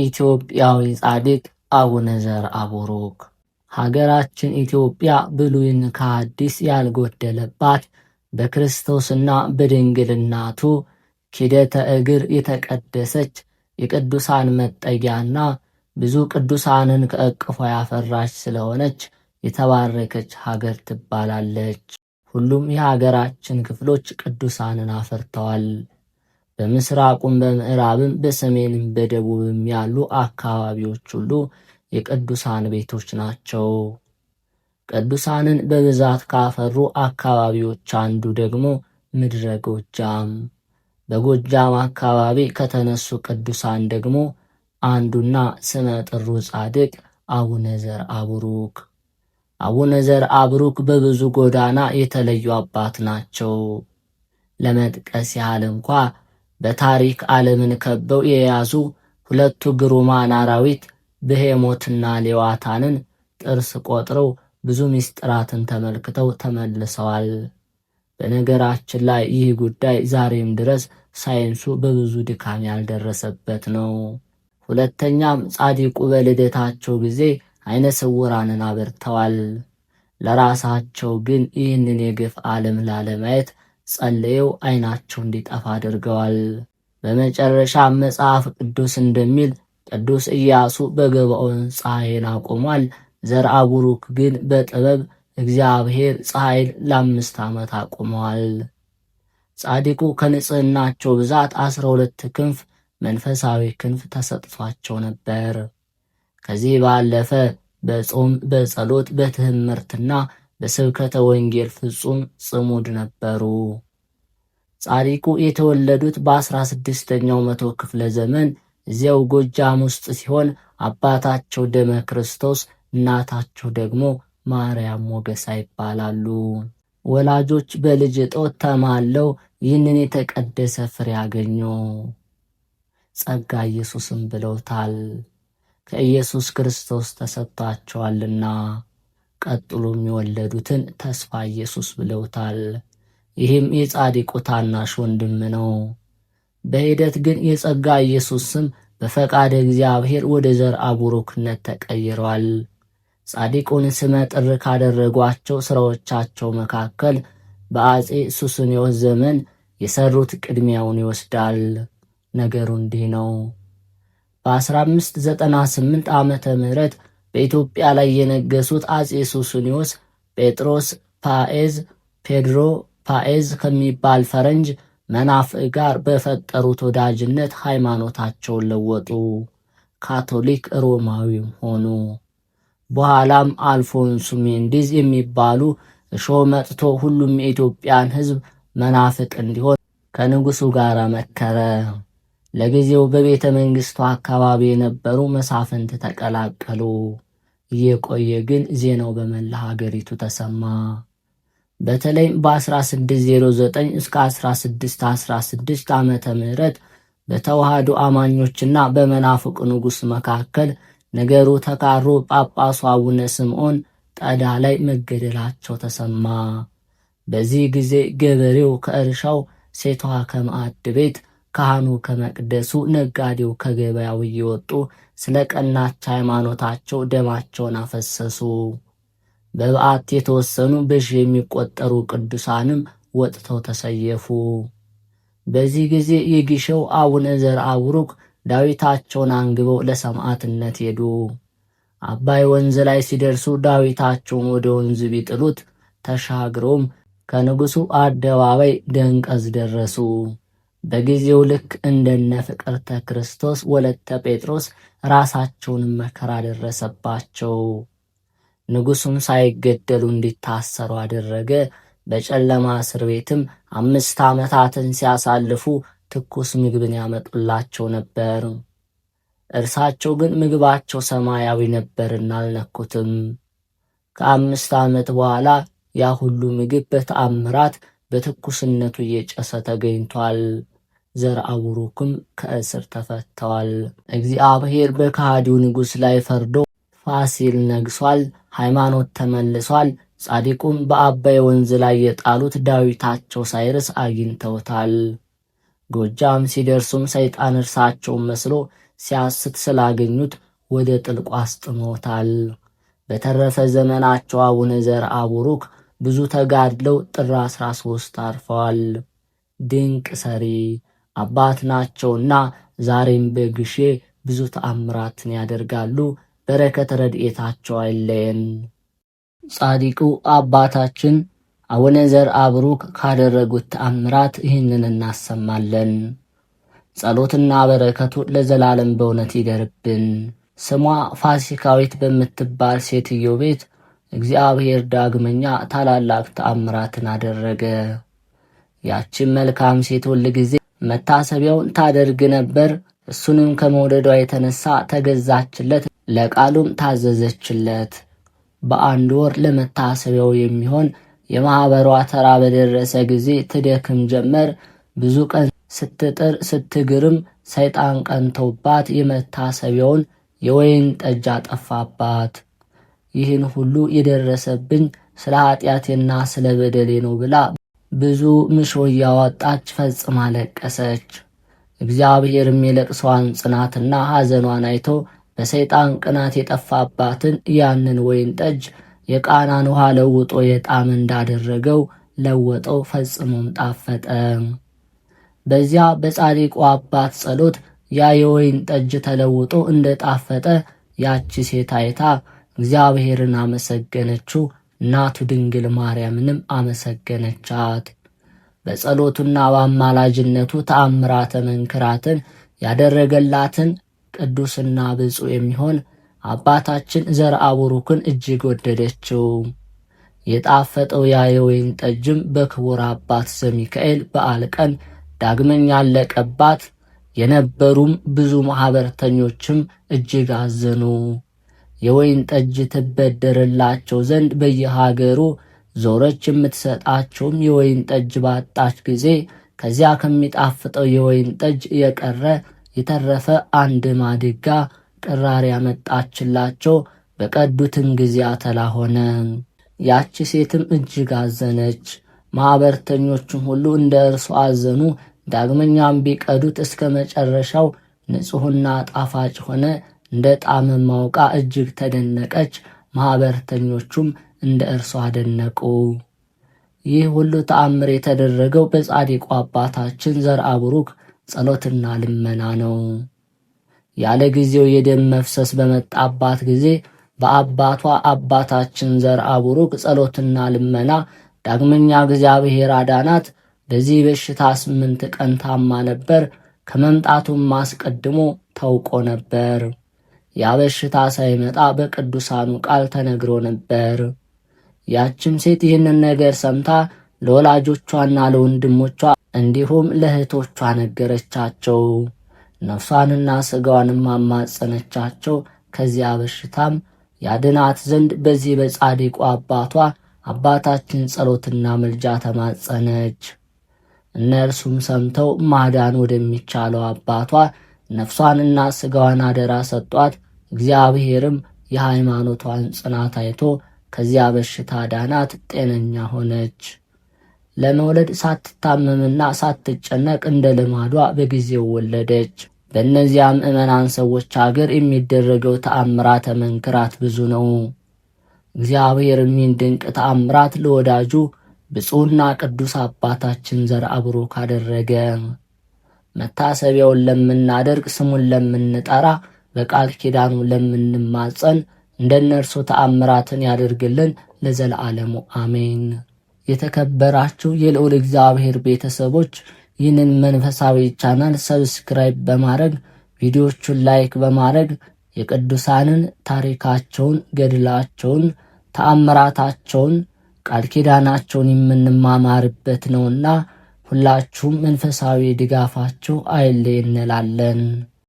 ኢትዮጵያዊ ጻድቅ አቡነ ዘርዓ ቡሩክ ሀገራችን ኢትዮጵያ ብሉይን ከአዲስ ያልጎደለባት በክርስቶስና በድንግልናቱ ኪደተ እግር የተቀደሰች የቅዱሳን መጠጊያና ብዙ ቅዱሳንን ከእቅፏ ያፈራች ስለሆነች የተባረከች ሀገር ትባላለች። ሁሉም የሀገራችን ክፍሎች ቅዱሳንን አፈርተዋል። በምስራቁም በምዕራብም በሰሜንም በደቡብም ያሉ አካባቢዎች ሁሉ የቅዱሳን ቤቶች ናቸው። ቅዱሳንን በብዛት ካፈሩ አካባቢዎች አንዱ ደግሞ ምድረ ጎጃም። በጎጃም አካባቢ ከተነሱ ቅዱሳን ደግሞ አንዱና ስመ ጥሩ ጻድቅ አቡነ ዘር አብሩክ። አቡነ ዘር አብሩክ በብዙ ጎዳና የተለዩ አባት ናቸው። ለመጥቀስ ያህል እንኳ በታሪክ ዓለምን ከበው የያዙ ሁለቱ ግሩማን አራዊት ብሄሞትና ሌዋታንን ጥርስ ቆጥረው ብዙ ምስጢራትን ተመልክተው ተመልሰዋል። በነገራችን ላይ ይህ ጉዳይ ዛሬም ድረስ ሳይንሱ በብዙ ድካም ያልደረሰበት ነው። ሁለተኛም ጻዲቁ በልደታቸው ጊዜ አይነ ስውራንን አበርተዋል። ለራሳቸው ግን ይህንን የግፍ ዓለም ላለማየት ጸልየው ዓይናቸው እንዲጠፋ አድርገዋል። በመጨረሻ መጽሐፍ ቅዱስ እንደሚል ቅዱስ ኢያሱ በገባኦን ፀሐይን አቆሟል። ዘርአ ቡሩክ ግን በጥበብ እግዚአብሔር ፀሐይን ለአምስት ዓመት አቁመዋል። ጻድቁ ከንጽህናቸው ብዛት አስራ ሁለት ክንፍ መንፈሳዊ ክንፍ ተሰጥቷቸው ነበር። ከዚህ ባለፈ በጾም በጸሎት በትህምርትና በስብከተ ወንጌል ፍጹም ጽሙድ ነበሩ። ጻድቁ የተወለዱት በአስራ ስድስተኛው መቶ ክፍለ ዘመን እዚያው ጎጃም ውስጥ ሲሆን አባታቸው ደመ ክርስቶስ እናታቸው ደግሞ ማርያም ሞገሳ ይባላሉ። ወላጆች በልጅ እጦት ተማለው ይህንን የተቀደሰ ፍሬ ያገኙ ጸጋ ኢየሱስም ብለውታል፣ ከኢየሱስ ክርስቶስ ተሰጥቷቸዋልና። ቀጥሎ የሚወለዱትን ተስፋ ኢየሱስ ብለውታል። ይህም የጻድቁ ታናሽ ወንድም ነው። በሂደት ግን የጸጋ ኢየሱስ ስም በፈቃደ እግዚአብሔር ወደ ዘር አቡሩክነት ተቀይሯል። ጻድቁን ስመ ጥር ካደረጓቸው ሥራዎቻቸው መካከል በአጼ ሱስንዮስ ዘመን የሰሩት ቅድሚያውን ይወስዳል። ነገሩ እንዲህ ነው። በ1598 ዓመተ ምህረት በኢትዮጵያ ላይ የነገሱት አጼ ሱስኒዮስ ጴጥሮስ ፓኤዝ ፔድሮ ፓኤዝ ከሚባል ፈረንጅ መናፍቅ ጋር በፈጠሩት ወዳጅነት ሃይማኖታቸውን ለወጡ፣ ካቶሊክ ሮማዊ ሆኑ። በኋላም አልፎንሱ ሜንዲዝ የሚባሉ እሾ መጥቶ ሁሉም የኢትዮጵያን ሕዝብ መናፍቅ እንዲሆን ከንጉሱ ጋር መከረ። ለጊዜው በቤተ መንግሥቱ አካባቢ የነበሩ መሳፍንት ተቀላቀሉ። እየቆየ ግን ዜናው በመላ ሀገሪቱ ተሰማ። በተለይም በ1609 እስከ 1616 ዓ ምህረት በተዋህዶ አማኞችና በመናፍቅ ንጉሥ መካከል ነገሩ ተካሮ ጳጳሱ አቡነ ስምዖን ጠዳ ላይ መገደላቸው ተሰማ። በዚህ ጊዜ ገበሬው ከእርሻው፣ ሴቷ ከማዕድ ቤት ካህኑ ከመቅደሱ ነጋዴው ከገበያው እየወጡ ስለ ቀናች ሃይማኖታቸው ደማቸውን አፈሰሱ። በበዓት የተወሰኑ በሺህ የሚቆጠሩ ቅዱሳንም ወጥተው ተሰየፉ። በዚህ ጊዜ የጊሸው አቡነ ዘርአ ቡሩክ ዳዊታቸውን አንግበው ለሰማዕትነት ሄዱ። አባይ ወንዝ ላይ ሲደርሱ ዳዊታቸውን ወደ ወንዝ ቢጥሉት ተሻግረውም ከንጉሡ አደባባይ ደንቀዝ ደረሱ። በጊዜው ልክ እንደነ ፍቅርተ ክርስቶስ ወለተ ጴጥሮስ ራሳቸውን መከራ ደረሰባቸው። ንጉሱም ሳይገደሉ እንዲታሰሩ አደረገ። በጨለማ እስር ቤትም አምስት ዓመታትን ሲያሳልፉ ትኩስ ምግብን ያመጡላቸው ነበር። እርሳቸው ግን ምግባቸው ሰማያዊ ነበርና አልነኩትም። ከአምስት ዓመት በኋላ ያ ሁሉ ምግብ በተአምራት በትኩስነቱ እየጨሰ ተገኝቷል። ዘርአቡሩክም ከእስር ተፈተዋል። እግዚአብሔር በካሃዲው ንጉሥ ላይ ፈርዶ ፋሲል ነግሷል። ሃይማኖት ተመልሷል። ጻድቁም በአባይ ወንዝ ላይ የጣሉት ዳዊታቸው ሳይርስ አግኝተውታል። ጎጃም ሲደርሱም ሰይጣን እርሳቸውን መስሎ ሲያስት ስላገኙት ወደ ጥልቁ አስጥመውታል። በተረፈ ዘመናቸው አቡነ ዘር ቡሩክ ብዙ ተጋድለው ጥር 13 አርፈዋል። ድንቅ ሰሪ አባት ናቸውና ዛሬም በግሼ ብዙ ተአምራትን ያደርጋሉ። በረከት ረድኤታቸው አይለየን። ጻዲቁ አባታችን አቡነ ዘርዓ ብሩክ ካደረጉት ተአምራት ይህንን እናሰማለን። ጸሎትና በረከቱ ለዘላለም በእውነት ይደርብን። ስሟ ፋሲካዊት በምትባል ሴትዮ ቤት እግዚአብሔር ዳግመኛ ታላላቅ ተአምራትን አደረገ። ያችን መልካም ሴት ሁል ጊዜ መታሰቢያውን ታደርግ ነበር። እሱንም ከመውደዷ የተነሳ ተገዛችለት፣ ለቃሉም ታዘዘችለት። በአንድ ወር ለመታሰቢያው የሚሆን የማኅበሯ ተራ በደረሰ ጊዜ ትደክም ጀመር። ብዙ ቀን ስትጥር ስትግርም ሰይጣን ቀንቶባት የመታሰቢያውን የወይን ጠጅ አጠፋባት። ይህን ሁሉ የደረሰብኝ ስለ ኃጢአቴና ስለ በደሌ ነው ብላ ብዙ ምሾ እያወጣች ፈጽማ ለቀሰች። እግዚአብሔርም የለቅሷን ጽናትና ሐዘኗን አይቶ በሰይጣን ቅናት የጠፋባትን ያንን ወይን ጠጅ የቃናን ውሃ ለውጦ የጣም እንዳደረገው ለወጠው፣ ፈጽሞም ጣፈጠ። በዚያ በጻድቁ አባት ጸሎት ያ የወይን ጠጅ ተለውጦ እንደ ጣፈጠ ያቺ ሴት አይታ እግዚአብሔርን አመሰገነችው። እናቱ ድንግል ማርያምንም አመሰገነቻት። በጸሎቱና በአማላጅነቱ ተአምራተ መንክራትን ያደረገላትን ቅዱስና ብፁዕ የሚሆን አባታችን ዘርአ ቡሩክን እጅግ ወደደችው። የጣፈጠው ያ የወይን ጠጅም በክቡር አባት ዘሚካኤል በዓል ቀን ዳግመኛ ያለቀባት የነበሩም ብዙ ማኅበርተኞችም እጅግ አዘኑ። የወይን ጠጅ ትበደርላቸው ዘንድ በየሀገሩ ዞረች። የምትሰጣቸውም የወይን ጠጅ ባጣች ጊዜ ከዚያ ከሚጣፍጠው የወይን ጠጅ የቀረ የተረፈ አንድ ማድጋ ቅራሪ ያመጣችላቸው፣ በቀዱትም ጊዜ አተላ ሆነ። ያቺ ሴትም እጅግ አዘነች። ማኅበርተኞቹም ሁሉ እንደ እርሱ አዘኑ። ዳግመኛም ቢቀዱት እስከ መጨረሻው ንጹሕና ጣፋጭ ሆነ። እንደ ጣመ ማውቃ እጅግ ተደነቀች። ማኅበረተኞቹም እንደ እርሷ አደነቁ። ይህ ሁሉ ተአምር የተደረገው በጻድቁ አባታችን ዘርአ ቡሩክ ጸሎትና ልመና ነው። ያለ ጊዜው የደም መፍሰስ በመጣባት ጊዜ በአባቷ አባታችን ዘርአ ቡሩክ ጸሎትና ልመና ዳግመኛ እግዚአብሔር አዳናት። በዚህ በሽታ ስምንት ቀን ታማ ነበር። ከመምጣቱም አስቀድሞ ታውቆ ነበር። ያ በሽታ ሳይመጣ በቅዱሳኑ ቃል ተነግሮ ነበር። ያችም ሴት ይህንን ነገር ሰምታ ለወላጆቿና ለወንድሞቿ እንዲሁም ለእህቶቿ ነገረቻቸው። ነፍሷንና ሥጋዋንም አማጸነቻቸው። ከዚያ በሽታም ያድናት ዘንድ በዚህ በጻድቁ አባቷ አባታችን ጸሎትና ምልጃ ተማጸነች። እነርሱም ሰምተው ማዳን ወደሚቻለው አባቷ ነፍሷንና ሥጋዋን አደራ ሰጧት። እግዚአብሔርም የሃይማኖቷን ጽናት አይቶ ከዚያ በሽታ ዳናት፣ ጤነኛ ሆነች። ለመውለድ ሳትታመምና ሳትጨነቅ እንደ ልማዷ በጊዜው ወለደች። በእነዚያ ምዕመናን ሰዎች አገር የሚደረገው ተአምራተ መንክራት ብዙ ነው። እግዚአብሔር የሚን ድንቅ ተአምራት ለወዳጁ ብፁዕና ቅዱስ አባታችን ዘር አብሮ ካደረገ። መታሰቢያውን ለምናደርግ ስሙን ለምንጠራ በቃል ኪዳኑ ለምንማጸን እንደ እነርሱ ተአምራትን ያደርግልን ለዘለዓለሙ አሜን። የተከበራችሁ የልዑል እግዚአብሔር ቤተሰቦች ይህንን መንፈሳዊ ቻናል ሰብስክራይብ በማድረግ ቪዲዮቹን ላይክ በማድረግ የቅዱሳንን ታሪካቸውን፣ ገድላቸውን፣ ተአምራታቸውን ቃል ኪዳናቸውን የምንማማርበት ነውና ሁላችሁም መንፈሳዊ ድጋፋችሁ አይለይ እንላለን።